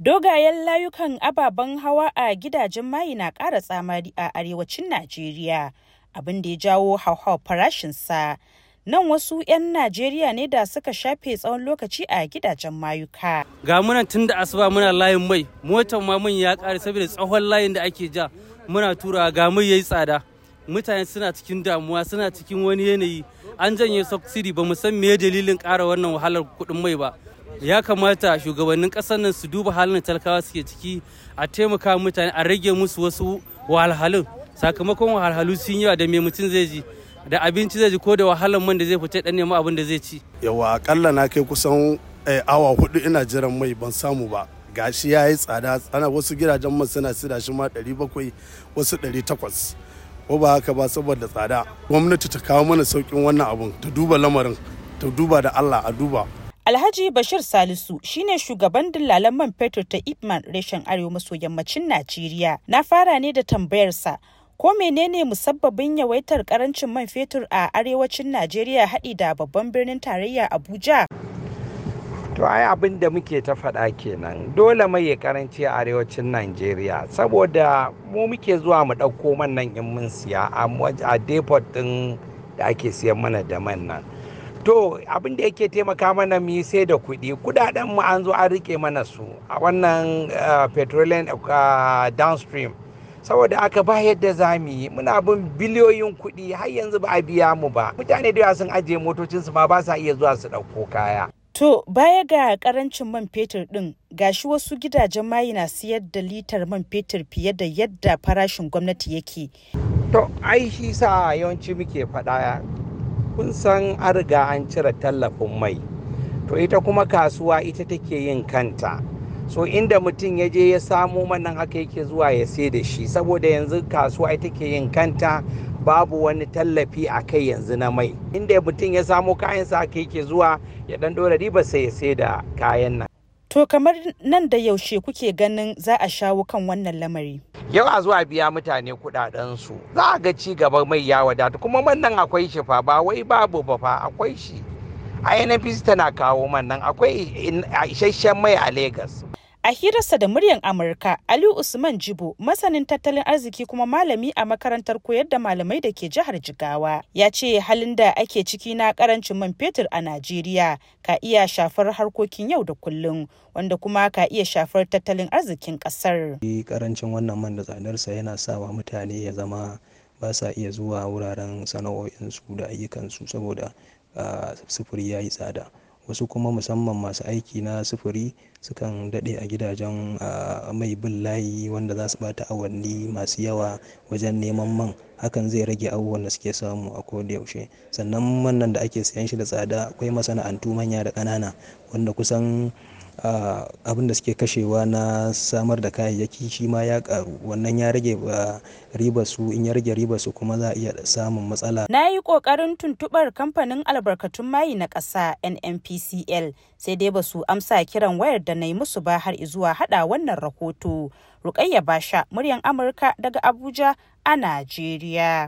Dogayen layukan ababen hawa a gidajen mayi na ƙara tsamari a arewacin Najeriya, abin da ya jawo farashin sa Nan wasu 'yan Najeriya ne da suka shafe tsawon lokaci a gidajen mayuka. Ga munan tun da asuba muna layin mai, motar ma ya ƙare saboda tsawon layin da ake ja muna tura ga mai yayi tsada. Mutane suna cikin damuwa, suna cikin wani yanayi. An janye subsidy ba mu san me dalilin ƙara wannan wahalar kuɗin mai ba. ya kamata shugabannin ƙasar nan su duba halin da talakawa suke ciki a taimaka mutane a rage musu wasu wahalhalun sakamakon wahalhalu sun yawa da mai mutum zai ji da abinci zai ji ko da wahalan man da zai fita dan nemi abin da zai ci yawa akalla na kai kusan eh, awa hudu ina jiran mai ban samu ba gashi ya yi tsada ana wasu gidajen man suna sida shi ma bakwai, wasu takwas, ko ba haka ba saboda tsada gwamnati ta kawo mana saukin wannan abun ta duba lamarin ta duba da Allah a duba Alhaji Bashir Salisu shine shugaban dillalan man fetur ta Ipman reshen Arewa maso yammacin Najeriya. Na fara ne da tambayarsa ko menene musabbabin yawaitar karancin man fetur a arewacin Najeriya haɗi da babban birnin tarayya Abuja. To ai abin da muke ta faɗa kenan dole mai ya karanci a arewacin Najeriya saboda mu muke zuwa mu ɗauko man nan in mun siya a depot ɗin da ake siyan mana da man nan. to abin da yake taimaka mana mu yi sai da kuɗi kudaden mu an zo an rike mana su a wannan eh, petroleum eh, downstream saboda aka ba yadda za mu yi muna bin biliyoyin kuɗi har yanzu ba a biya mu ba mutane da sun ajiye motocinsu ma ba sa iya zuwa su ɗauko kaya To baya ga karancin man fetur ɗin gashi wasu gidajen mayi na siyar da litar man fetur fiye da yadda farashin gwamnati yake. To ai shi sa yawanci muke faɗa kun san an riga an cire tallafin mai to ita kuma kasuwa ita take yin kanta so inda mutum ya je ya samo manan haka yake zuwa ya sai da shi saboda yanzu kasuwa ita ke yin kanta babu wani tallafi a kai yanzu na mai inda mutum ya samo kayansa haka yake zuwa ya dan dora riba sai ya sai da kayan nan to kamar nan da yaushe kuke ganin za a shawo kan wannan lamari yau a zuwa biya mutane su za a ga ci gaba mai ya wadata kuma man akwai shi fa ba wai babu ba fa akwai shi a nnpc tana kawo man nan akwai isasshen mai a Legas. A hirarsa da muryar Amurka, Ali Usman Jibo, masanin tattalin arziki kuma malami a makarantar koyar da malamai da ke jihar Jigawa, ya ce halin da ake ciki na karancin man fetur a Najeriya ka iya shafar harkokin yau da kullum, wanda kuma ka iya shafar tattalin arzikin ƙasar. Karancin wannan man da tsadarsa yana sawa mutane ya zama ba sa iya zuwa wuraren sana'o'insu da ayyukansu saboda ah, sufuri ya yi tsada. wasu kuma musamman masu aiki na sufuri sukan daɗe a gidajen ah, mai bin layi wanda za su bata awanni masu yawa wajen neman man hakan zai rage abubuwan da suke samu a koda yaushe sannan wannan da ake siyan shi da tsada akwai masana'antu manya da ƙanana wanda kusan abin da suke kashewa na samar da kayayyaki shi ma ya karu wannan ya rage riba su in ya rage riba su kuma za a iya samun matsala na yi kokarin tuntubar kamfanin albarkatun mayi na ƙasa nnpcl sai dai ba su amsa kiran wayar da na yi musu ba har zuwa hada wannan rahoto rukayya basha muryan amurka daga abuja a najeriya